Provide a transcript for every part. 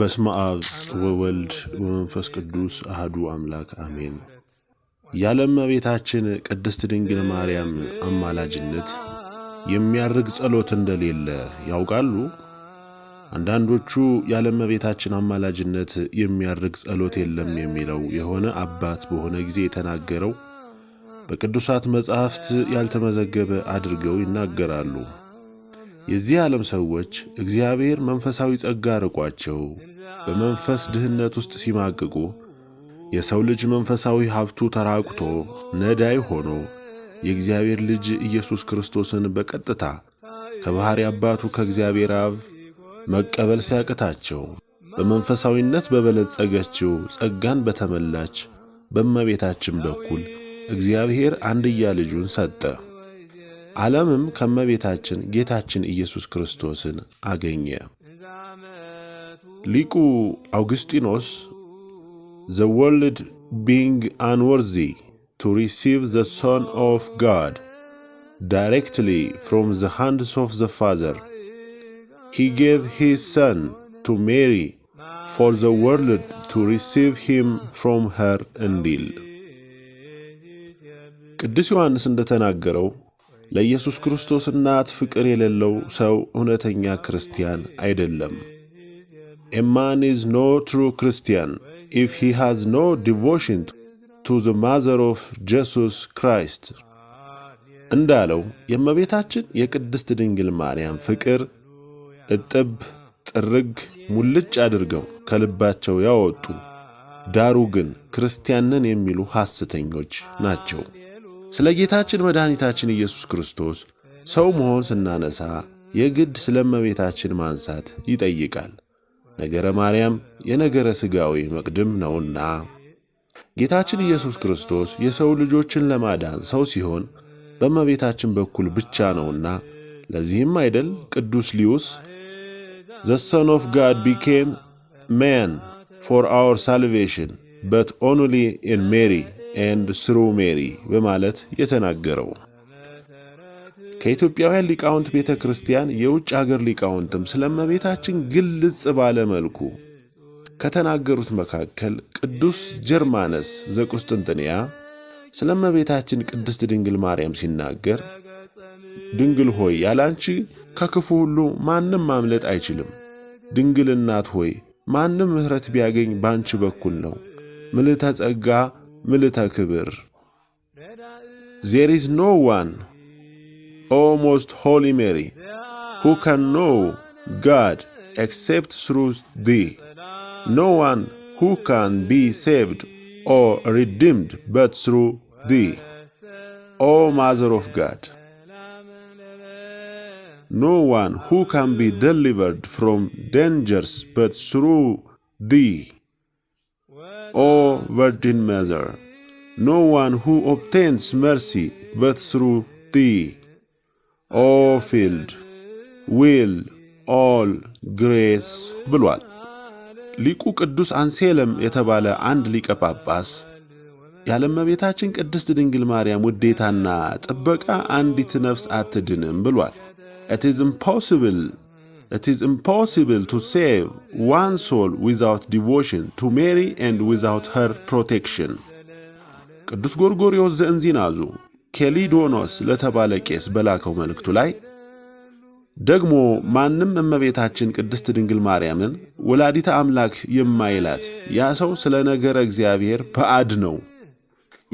በስመ አብ ወወልድ ወመንፈስ ቅዱስ አህዱ አምላክ አሜን። ያለ እመቤታችን ቅድስት ድንግል ማርያም አማላጅነት የሚያርግ ጸሎት እንደሌለ ያውቃሉ? አንዳንዶቹ ያለ እመቤታችን አማላጅነት የሚያርግ ጸሎት የለም የሚለው የሆነ አባት በሆነ ጊዜ የተናገረው በቅዱሳት መጻሕፍት ያልተመዘገበ አድርገው ይናገራሉ። የዚህ ዓለም ሰዎች እግዚአብሔር መንፈሳዊ ጸጋ ርቋቸው በመንፈስ ድህነት ውስጥ ሲማቅቁ የሰው ልጅ መንፈሳዊ ሀብቱ ተራቁቶ ነዳይ ሆኖ የእግዚአብሔር ልጅ ኢየሱስ ክርስቶስን በቀጥታ ከባሕሪ አባቱ ከእግዚአብሔር አብ መቀበል ሲያቅታቸው በመንፈሳዊነት በበለጸገችው ጸጋን በተመላች በእመቤታችን በኩል እግዚአብሔር አንድያ ልጁን ሰጠ። ዓለምም ከመቤታችን ጌታችን ኢየሱስ ክርስቶስን አገኘ። ሊቁ አውግስጢኖስ ዘ ወርልድ ቢንግ አንወርዚ ቱ ሪሲቭ ዘ ሶን ኦፍ ጋድ ዳይሬክትሊ ፍሮም ዘ ሃንድስ ኦፍ ዘ ፋዘር ሂ ጌቭ ሂዝ ሰን ቱ ሜሪ ፎር ዘ ወርልድ ቱ ሪሲቭ ሂም ፍሮም ኸር እንዲል ቅዱስ ዮሐንስ እንደተናገረው ለኢየሱስ ክርስቶስ እናት ፍቅር የሌለው ሰው እውነተኛ ክርስቲያን አይደለም። ኤማን ኢዝ ኖ ትሩ ክርስቲያን ኢፍ ሂ ሃዝ ኖ ዲቮሽን ቱ ዘ ማዘር ኦፍ ጀሱስ ክራይስት እንዳለው የእመቤታችን የቅድስት ድንግል ማርያም ፍቅር እጥብ ጥርግ ሙልጭ አድርገው ከልባቸው ያወጡ ዳሩ ግን ክርስቲያንን የሚሉ ሐሰተኞች ናቸው። ስለ ጌታችን መድኃኒታችን ኢየሱስ ክርስቶስ ሰው መሆን ስናነሳ የግድ ስለ እመቤታችን ማንሳት ይጠይቃል። ነገረ ማርያም የነገረ ሥጋዊ መቅድም ነውና ጌታችን ኢየሱስ ክርስቶስ የሰው ልጆችን ለማዳን ሰው ሲሆን በእመቤታችን በኩል ብቻ ነውና ለዚህም አይደል ቅዱስ ሊዩስ ዘ ሰን ኦፍ ጋድ ቢኬም ማን ፎር አወር ሳልቬሽን በት ኦንሊ ኢን ሜሪ ኤንድ ስሩ ሜሪ በማለት የተናገረው። ከኢትዮጵያውያን ሊቃውንት ቤተ ክርስቲያን የውጭ ሀገር ሊቃውንትም ስለ እመቤታችን ግልጽ ባለ መልኩ ከተናገሩት መካከል ቅዱስ ጀርማነስ ዘቁስጥንጥንያ ስለ እመቤታችን ቅድስት ድንግል ማርያም ሲናገር ድንግል ሆይ ያላንቺ ከክፉ ሁሉ ማንም ማምለጥ አይችልም። ድንግል እናት ሆይ ማንም ምሕረት ቢያገኝ ባንቺ በኩል ነው። ምልዕተ ጸጋ ምልዕተ ክብር There is no one, O Most Holy Mary, who can know God except through Thee. No one who can be saved or redeemed but through Thee, O Mother of God. No one who can be delivered from dangers but through Thee. O Virgin Mother, no one who obtains mercy but through thee. O field will all grace ብሏል። ሊቁ ቅዱስ አንሴለም የተባለ አንድ ሊቀ ጳጳስ ያለመቤታችን ቅድስት ድንግል ማርያም ውዴታና ጥበቃ አንዲት ነፍስ አትድንም ብሏል። ኢት ኢዝ ኢምፖሲብል It is impossible to save one soul without devotion to Mary and without her protection። ቅዱስ ጎርጎርዮስ ዘእንዚናዙ ኬሊዶኖስ ለተባለ ቄስ በላከው መልእክቱ ላይ ደግሞ ማንም እመቤታችን ቅድስት ድንግል ማርያምን ወላዲተ አምላክ የማይላት ያ ሰው ስለ ነገረ እግዚአብሔር ባዕድ ነው፣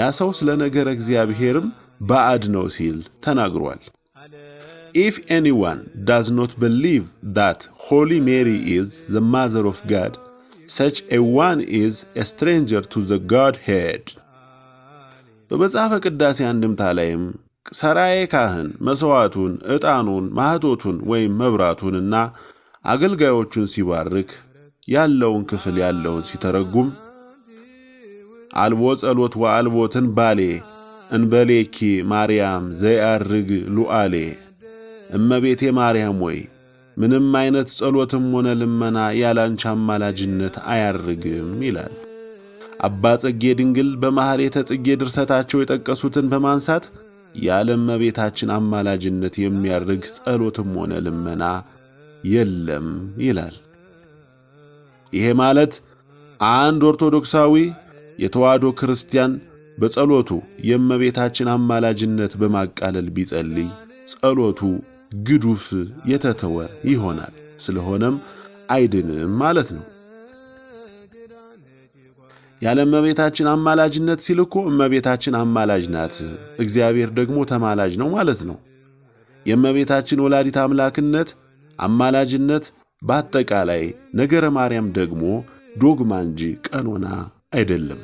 ያ ሰው ስለ ነገረ እግዚአብሔርም በአድ ነው ሲል ተናግሯል። ኢፍ anyone does not believe that Holy ሜሪ is the Mother of God, such a one is a stranger to the Godhead. በመጽሐፈ ቅዳሴ አንድምታ ላይም ሰራዬ ካህን መሥዋዕቱን፣ ዕጣኑን፣ ማኅቶቱን ወይም መብራቱንና አገልጋዮቹን ሲባርክ ያለውን ክፍል ያለውን ሲተረጉም አልቦ ጸሎት ወአልቦትን ባሌ እንበሌኪ ማርያም ዘይአርግ ሉዓሌ እመቤቴ ማርያም ወይ ምንም አይነት ጸሎትም ሆነ ልመና ያላንቺ አማላጅነት አያርግም ይላል። አባ ጽጌ ድንግል በማኅሌተ ጽጌ ድርሰታቸው የጠቀሱትን በማንሳት ያለ እመቤታችን አማላጅነት የሚያርግ ጸሎትም ሆነ ልመና የለም ይላል። ይሄ ማለት አንድ ኦርቶዶክሳዊ የተዋህዶ ክርስቲያን በጸሎቱ የእመቤታችን አማላጅነት በማቃለል ቢጸልይ ጸሎቱ ግዱፍ የተተወ ይሆናል። ስለሆነም አይድንም ማለት ነው። ያለ እመቤታችን አማላጅነት ሲል እኮ እመቤታችን አማላጅ ናት፣ እግዚአብሔር ደግሞ ተማላጅ ነው ማለት ነው። የእመቤታችን ወላዲት አምላክነት አማላጅነት በአጠቃላይ ነገረ ማርያም ደግሞ ዶግማ እንጂ ቀኖና አይደለም።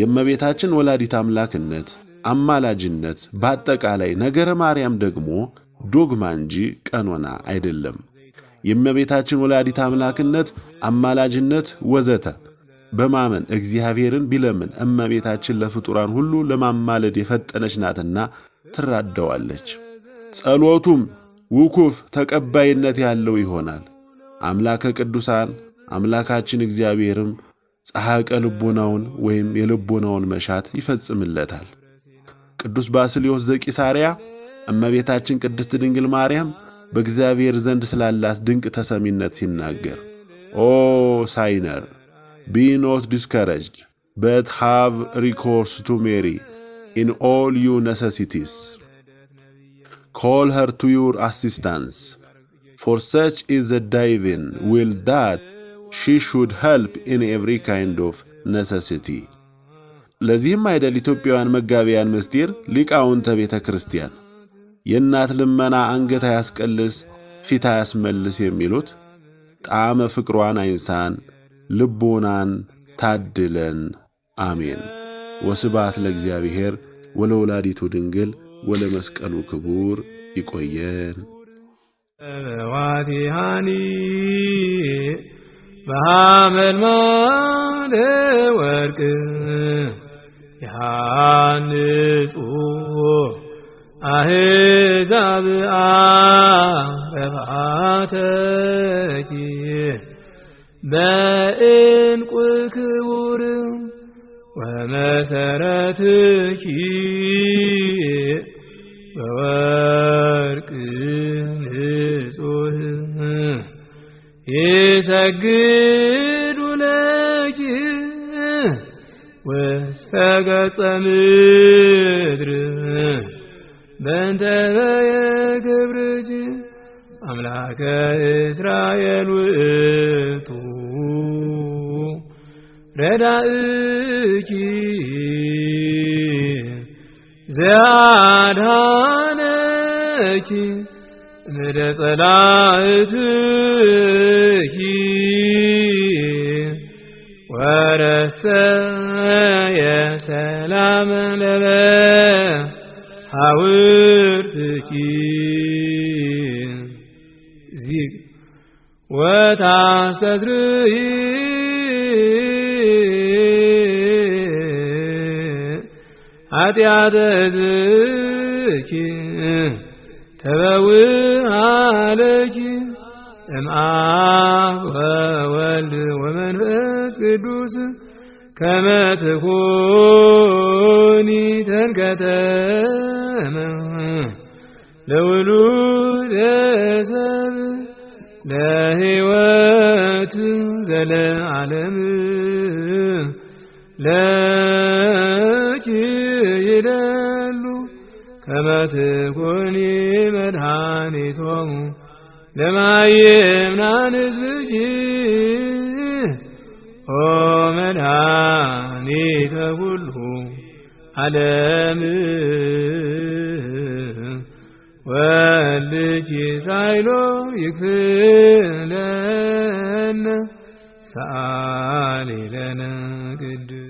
የእመቤታችን ወላዲት አምላክነት አማላጅነት፣ በአጠቃላይ ነገረ ማርያም ደግሞ ዶግማ እንጂ ቀኖና አይደለም። የእመቤታችን ወላዲት አምላክነት፣ አማላጅነት ወዘተ በማመን እግዚአብሔርን ቢለምን እመቤታችን ለፍጡራን ሁሉ ለማማለድ የፈጠነች ናትና ትራደዋለች። ጸሎቱም ውኩፍ ተቀባይነት ያለው ይሆናል። አምላከ ቅዱሳን አምላካችን እግዚአብሔርም ጸሐቀ ልቦናውን ወይም የልቦናውን መሻት ይፈጽምለታል። ቅዱስ ባስልዮስ ዘቂሳርያ እመቤታችን ቅድስት ድንግል ማርያም በእግዚአብሔር ዘንድ ስላላት ድንቅ ተሰሚነት ሲናገር ኦ ሳይነር ቢ ኖት ዲስከረጅድ በት ሃቭ ሪኮርስ ቱ ሜሪ ኢን ኦል ዩ ነሰሲቲስ ኮል ሀር ቱ ዩር አሲስታንስ ፎር ሰች ኢዝ ዘ ዳይቪን ዊል ዳት ሺ ሹድ ሄልፕ ኢን ኤቭሪ ካይንድ ኦፍ ነሰሲቲ ለዚህም አይደል ኢትዮጵያውያን መጋቢያን ምስጢር ሊቃውንተ ቤተ ክርስቲያን የእናት ልመና አንገት አያስቀልስ ፊት አያስመልስ የሚሉት ጣዕመ ፍቅሯን አይንሳን፣ ልቦናን ታድለን። አሜን። ወስባት ለእግዚአብሔር ወለወላዲቱ ድንግል ወለመስቀሉ ክቡር። ይቆየን። ዋቲሃኒ በሃመልማደ ወርቅ ታንጹ አሕዛብአ በባተኪ በእንቁ ክቡር ወመሰረትኪ በወርቅ ንጹሕ ይሰግዱ ለኪ ከገጸ ምድር በንተበየ ግብርጅ አምላከ እስራኤል ውእቱ ረዳእኪ ዘአድኀነኪ እምደ ጸላእትኪ ወረሰ መንበበ ሐውርትኪ ዚግ ወታስተስርይ ኃጢአተ ሕዝብኪ ተበውሃለኪ እምአብ ወወልድ ወመንፈስ ቅዱስ كما تكوني لو تنكتاما لا هوات زل علم لا يدل كما تكوني مدحاني توم لما يمنع نزبك መድኃኒተ ኩሉ ዓለም ወልጅ ሳይሎ ሰአሊ ለነ ግድ